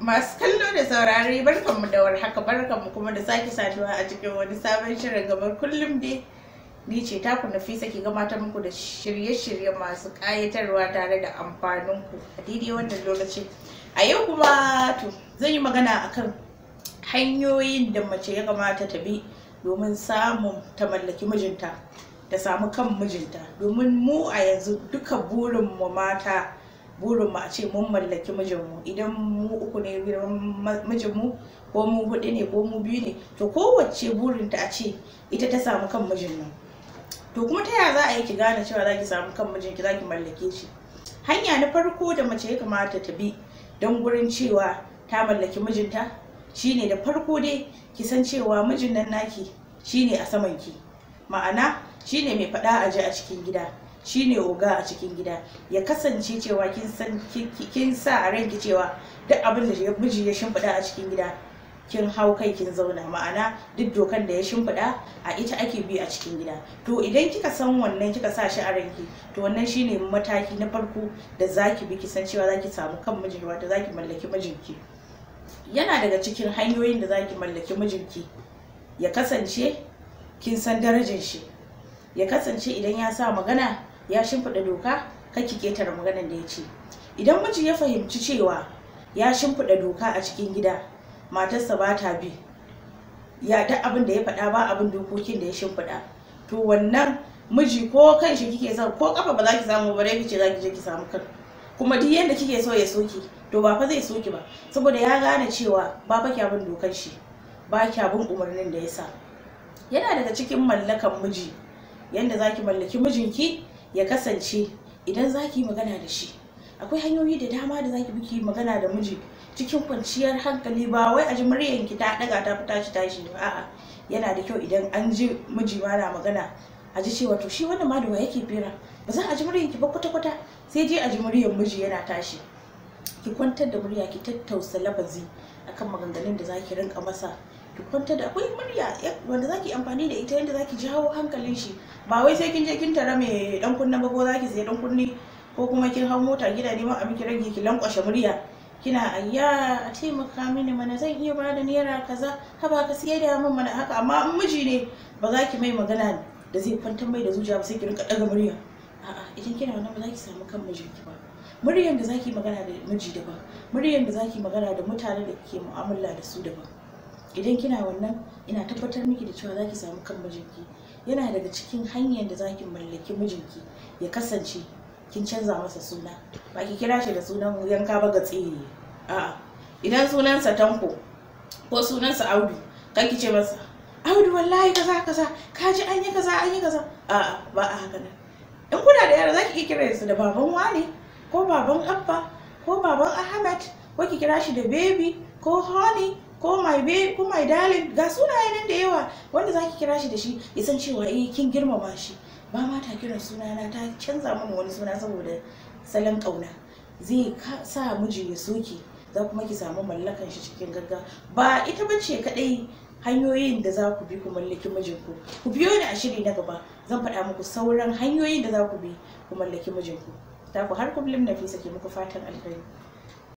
masu kallo da saurari barkanmu da warhaka barkanmu kuma da sake saduwa a cikin wani sabon shirin gabar kullum dai ni ce taku nafisa ke gabatar muku da shirye-shirye masu ƙayatarwa tare da amfaninku a daidai wannan lokacin. a yau kuma to zan yi magana akan hanyoyin da mace ya kamata ta bi domin samun ta mallaki mijinta ta samu kan mijinta domin mu a yanzu duka burin mu mata burin mu a ce mun mallaki mijinmu idan mu uku ne mijinmu ko mu hudu ne ko mu biyu ne to kowace burin ta a ce ita ta samu kan mijin nan to kuma ta yaya za a yi ki gane cewa za ki samu kan mijin ki za ki mallake shi hanya na farko da mace ya kamata ta bi don gurin cewa ta mallaki mijinta shine da farko dai ki san cewa mijin nan naki shine a saman ki ma'ana shine mai faɗa aji a cikin gida shine oga a cikin gida ya kasance cewa kin san sa a ranki cewa duk abin da miji ya shimfiɗa a cikin gida kin hau kai kin zauna ma'ana duk dokan da ya shimfiɗa a ita ake bi a cikin gida to idan kika san wannan kika sa shi a ranki to wannan shine mataki na farko da zaki bi ki san cewa zaki samu kan mijinki wato zaki mallaki mijinki yana daga cikin hanyoyin da zaki mallaki mijinki ya kasance kin san darajar shi ya kasance idan ya sa magana ya shimfiɗa doka kake ketare maganar da ya ce idan miji ya fahimci cewa ya shimfiɗa doka a cikin gida matarsa ba ta bi ya ta abin da ya faɗa ba abin dokokin da ya shimfiɗa to wannan miji ko kan shi kike son ko kafa ba za ki samu ba dai ce za ki je ki samu kan kuma duk yanda kike so ya soki to ba fa zai soki ba saboda ya gane cewa ba fa kya bin dokar shi ba kya bin umarnin da ya sa yana daga cikin mallakan miji yanda za ki mallaki mijinki ya kasance idan za ki magana da shi akwai hanyoyi da dama da za ki bi magana da miji cikin kwanciyar hankali ba wai a ji ki ta daga ta fita shi tashi ba a'a yana da kyau idan an ji miji ma na magana a ji cewa to shi wannan ma da wa yake fira ba za a ji muryarki ba kwata kwata sai je a ji muryar miji yana tashi ki kwantar da murya ki tattausa labazi akan maganganun da za ki rinka masa ki kwanta da akwai murya wanda zaki amfani da ita yadda zaki jawo hankalin shi ba wai sai kin je kin tara mai dan kunna ba ko zaki sai dan kunni ko kuma kin hau mota gida neman abin ki rage ki lankwashe murya kina ayya a taimaka mini mana zan iya ba da naira kaza haba ka siya da mun mana haka amma in miji ne ba za ki mai magana da zai kwantar mai da zuciya ba sai ki rinka daga murya a'a idan kina wannan ba za ki samu kan ki ba muryan da zaki magana da miji daban muryan da zaki magana da mutanen da kike mu'amala da su daban idan kina wannan ina tabbatar miki da cewa zaki samu kan mijinki yana daga cikin hanyar da zaki mallaki mijinki ya kasance kin canza masa suna ba ki kira shi da sunan ka ba ga tsiri a'a idan sunansa tanko ko sunansa audu kan ki ce masa audu wallahi kaza kaza ka ji an yi kaza an yi kaza a'a ba a haka nan in kuna da yara zaki iya kira su da baban Wani, ko baban abba ko baban ahmad ko ki kira shi da baby ko honey ko mai be ko mai dalin ga sunaye nan da yawa wanda zaki kira shi da shi ya san cewa eh kin girmama shi ba ma ta kiran sunana ta canza mana wani suna saboda salon kauna zai sa miji ya soke za kuma ki samu mallakan shi cikin gaggawa ba ita bace kadai hanyoyin da za ku bi ku mallaki mijinku ku biyo ni a shiri na gaba zan faɗa muku sauran hanyoyin da za ku bi ku mallaki mijinku ta ku har kullum nafisa ke muku fatan alheri